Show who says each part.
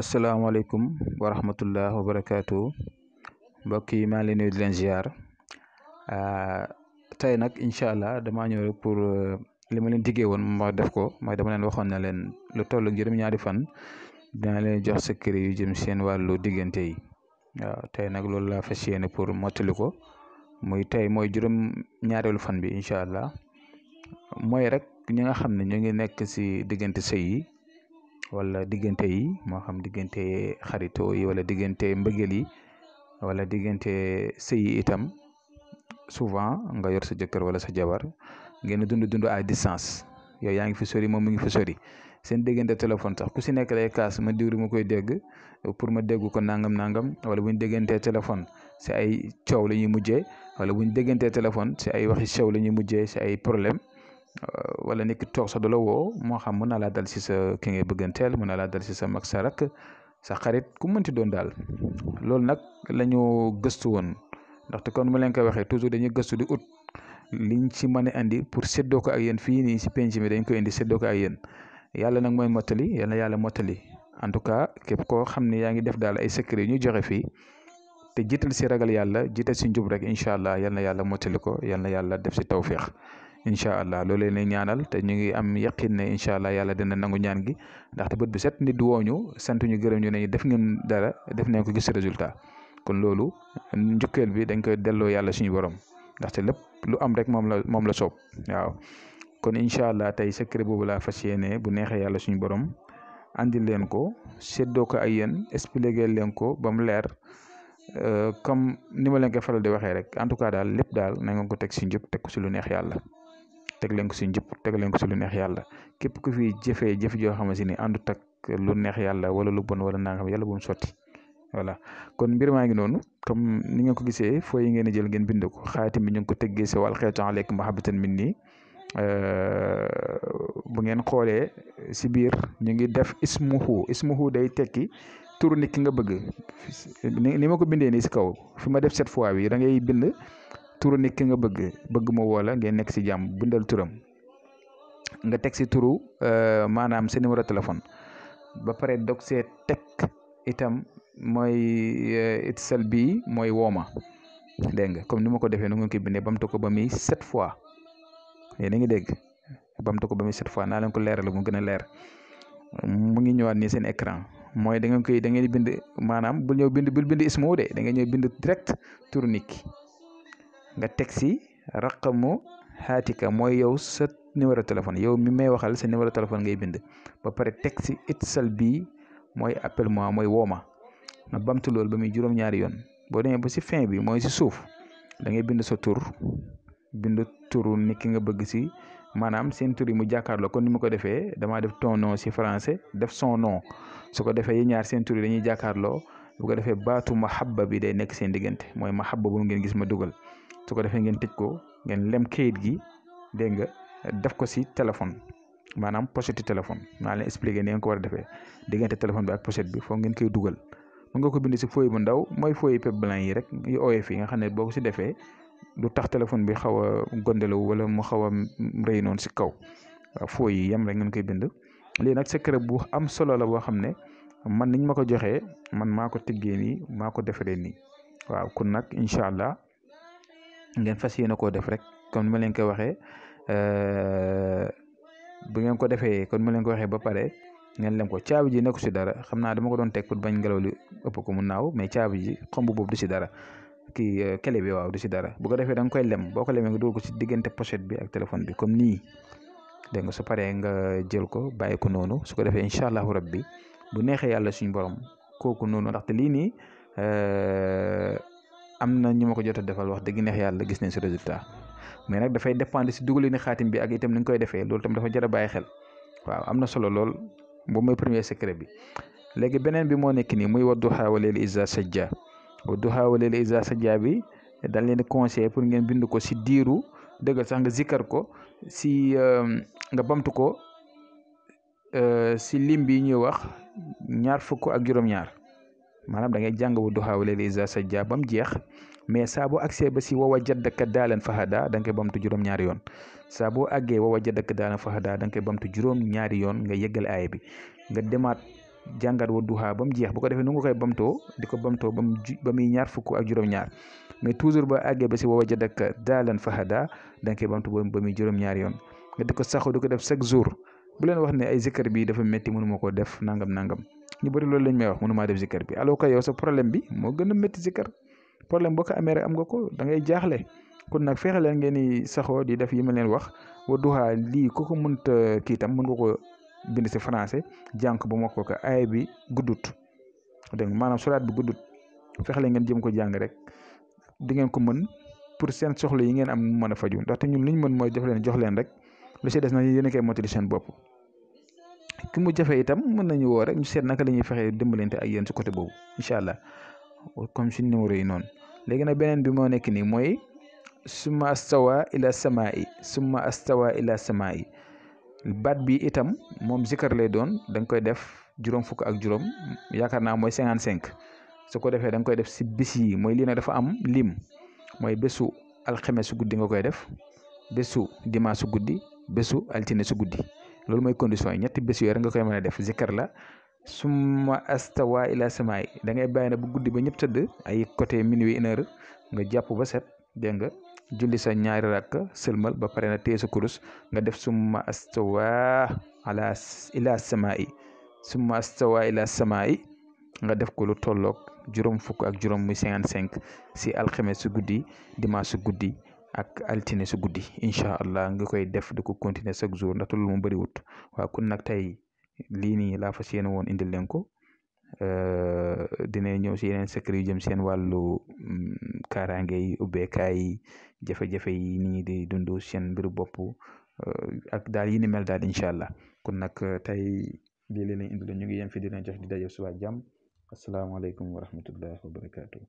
Speaker 1: asalaamaaleykum wa rahmatullah wa barakaatu mbokk yi maa ngi leen nuyu di leen ziar ah, tey nag incha allah damaa ñëw rek pour euh, li ma leen diggee woon ma def ko mooy dama leen waxoon na leen lu toll ak ñaari fan dinaa leen jox secret yu jëm seen wàllu diggante yi waaw tey nag loolu laa fas yéene pour mottali ko muy tey mooy juróom-ñaareelu fan bi incha allah moy rek ñi nga xam ne ñu ngi nekk si diggante sëy yi. wala digënté yi mo xam digënté xarito yi wala digënté mbëggeel yi wala digënté sey yi itam souvent nga yor sa jëkkër wala sa jabar ngeen dund dund à distance yow yaangi fi sori mo mu ngi fi sori seen digënté téléphone sax ku ci nekk lay kaas ma diwri ma koy dégg pour ma dégg ko nangam nangam wala buñ digënté téléphone ci ay ciow lañuy mujjé wala buñ digënté téléphone ci ay waxi ciow lañuy mujjé ci ay problème Euh, wala nit ki toog sax du la woo moo xam mën na laa dal si sa ki ngay bëgganteel mën na laa dal si sa mag sa xarit ku mënti doon daal loolu nag la ñu gëstu woon ndaxte kon mu leen koy waxee toujours dañuy gëstu di ut liñ ci mën a indi pour séddoo ko ak yéen fii nii si penc mi dañ koy indi séddoo ko ak yéen yàlla nag mooy mottali yàlla yàlla mottali en tout cas képp koo xam ne yaa ngi def daal ay secret ñu joxe fii te jiital si ragal yàlla jiital si njub rek incha allah yal na yàlla mottali ko yal na yàlla def si tawféex incha allah loolee ne ñaanal té ñu ngi am yaqin né incha allah yàlla dina nangu ñaan gi ndax ndaxte bët bu set nit woñu sant ñu gërëm ñu né def ngeen dara def né ko gis résultat kon lolu ñukël bi dañ koy delloo yalla suñu borom ndax té lepp lu am rek mom la mom la sopp waaw kon incha allah tey secret bobu la fas yéene bu neexee yalla suñu borom andil leen ko seddo ko ay yeen expliquer leen ko bam mu leer euh, comme ni ma leen koy faral di waxee rek en tout cas daal lépp daal na ngeen ko teg si njub teg ko si lu neex yàlla teg leen ko si njub teg leen ko si lu neex yalla kep ku fi jëfee jëf joo xamante ni àndut ak lu neex yalla wala lu bon wala nangam yalla bu mu kon mbir maa ngi noonu comme ni nga ko gisee fo yi ngeen a jël ngeen bind ko xaatim bi ñu ngi ko teggee si wàll xeetu aleykum mahabbatan min nii bu ngeen xoolee si biir ñu ngi def ismuhu ismuhu day tekki turu nit ki nga bëgg ni ma ko bindee nii si kaw fi ma def cette fois bi da bind turu nit ki nga bëgg bëgg mu woo la ngeen nekk si jàmm bindal turam nga teg si turu euh, maanaam sa numéro téléphone ba pare dog see teg itam mooy euh, itsel bii mooy woma dégg nga comme ni ma ko defee nu ngeen koy bindee bamtu ko ba muy sept fois yéen a ngi dégg bamtu ko ba muy sept fois naa leen ko leeral mu gën a leer mu ngi ñëwaat nii seen écran mooy da ngeen koy da ngeen bind maanaam bul ñëw bind bul bind ismu de da ngeen ñëw bind direct turu nit ki nga teg si raqamu xaatika mooy yow sa numéro téléphone yow mi may waxal sa numéro téléphone ngay bind ba pare teg si itisal bii mooy appel moi mooy wooma nga bamtu loolu ba muy juróom-ñaari yoon boo demee ba si fin bi mooy si suuf da ngay bind sa tur bind turu nit ki nga bëgg si maanaam seen tur mu jàkkaarloo kon ni mu ko defee damaa def ton nom si français def son nom su ko defee yi ñaar seen tur yi dañuy jàkkaarloo bu ko defee baatu mahabba bi day nekk seen diggante mooy ma mahabba boobu ngeen gis ma dugal su ko defee ngeen tëj ko ngeen lem kayit gi dégg nga def ko si téléphone maanaam pochette téléphone maa leen expliqué ni ngeen ko war a defee diggante téléphone bi ak pochette bi foog ngeen koy dugal mën nga ko bind si fooy bu ndaw mooy fooy pep blanc yi rek yu ooyee fii nga xam ne boo ko si defee du tax téléphone bi xaw a gondelawu wala mu xaw a rëy noonu si kaw waaw fooy yi yem rek ngeen koy bind lii nag secret bu am solo la boo xam ne man niñ ma ko joxee man maa ko tiggee nii maa ko defaree nii waaw kon nag incha allah ngeen fas yéene koo def rek comme ni ma leen ko waxee euh, bu ngeen ko defee comme ma leen ko waxee ba pare ngeen lem ko caabi ji nekku si dara xam naa dama ko doon teg pour bañ ngelaw li ëpp ko mu naaw mais caabi ji xomb boobu du si dara kii kele euh, bi waaw du si dara bu ko defee da koy lem boo ko lemee nga dugal ko si diggante pochette bi ak téléphone bi comme nii dégg nga su paree nga jël ko bàyyi ko noonu su ko defee incha allahu rabbi bu neexee yàlla suñu borom kooku noonu ndaxte lii nii eh, am na ñu ma ko jot a defal wax dëgg neex yàlla gis nañ si résultat mais nag dafay dépendre si dugalee ni xaatim bi ak itam ni nga koy defee loolu tam dafa jar a xel waaw am na solo lool boo mooy premier secret bi léegi beneen bi moo nekk nii muy wadduha wa leeli isa sajja wadduha wa leeli isa sajja bi dañ leen di pour ngeen bindu ko si diiru dëggal sax nga zikkar ko si eh, nga bamtu ko Eh, si lim bi ñu wax ñaar fukk ak juroom ñaar manam da ngay jang wu duha wala layli besi sajjaa bam jeex mais saa boo agsee ba si wa ka dalan fahada da ngay bamtu juroom ñaar yoon bo agge àggee wa ka daalan fahada da ngay koy bamtu juroom ñaar yoon nga yeggal ay bi nga demat jàngat wa duha ba jeex bu ko defé nungu koy bamtoo bam ñaar fukk ak juroom ñaar mais toujours ba agge ba si ka fahada da ngay bamtu ba muy juróom yoon nga diko saxu diko def chaque jour bu leen wax ne ay zikkar bi dafa métti mënuma koo def nangam nangam ñu bari loolu lañ may wax mënu maa def zikkar bi alors que yow sa problème bi moo gën a métti zikkar problème boo ko amee am nga ko dangay ngay jaaxle kon nag fexe leen ngeen di saxoo di def yi ma leen wax Wadduha lii ku ko mënta kii tam mën nga ko bind si français jànk ba mu wax ko que aay bi guddut dégg nga maanaam suraat bi guddut fexe leen ngeen jëm ko jàng rek di ngeen ko mën pour seen soxla yi ngeen am mën a faju ndaxte ñun li ñu mën mooy def leen jox leen rek. lu si des na yéen kay koy sen bop ki mu jafé itam mën nañu wo rek ñu sét naka lañuy fexé dembalenté ak yeen ci côté bobu inshallah comme suñ numéro yi non légui na benen bi mo nek ni moy summa astawa ila samai summa astawa ila samai bat bi itam mom zikar lay doon dang koy def jurom fuk ak jurom yakarna moy 55 su ko defé dang koy def si bis yi mooy lii dafa am lim moy besu al khamis guddi nga koy def besu dimanche guddi besu altine su lalu lolou moy condition yi ñetti bés yooyu nga koy mëna def zikr la summa astawa ila semai da ngay bayina na bu guddi ba ñëpp tëdd ay côté minuit une heure nga japp ba set de nga julli sa ñaari rak selmal ba paré na kurus nga def summa astawa ala ila semai summa astawa ila semai nga def ko lu tolloog jurum fuk ak muy 55 si alkhamis su guddi dimanche su ak altine su guddi incha allah nga koy def di ko continuer chaque jour ndaxte loolu moom bëriwut waaw kon nag tey lii nii laa fas yéene woon indil leen ko dina ñëw si yeneen secret yu jëm seen wàllu mm, kaaraange yi ubbeekaay yi jafe-jafe yi nit ñi di dund seen mbiru bopp ak daal yi ni mel daal incha allah kon nag tey lii leen indiloon ñu ngi yem fi dina jox di daje suba jàmm asalaamaaleykum wa rahmatullahi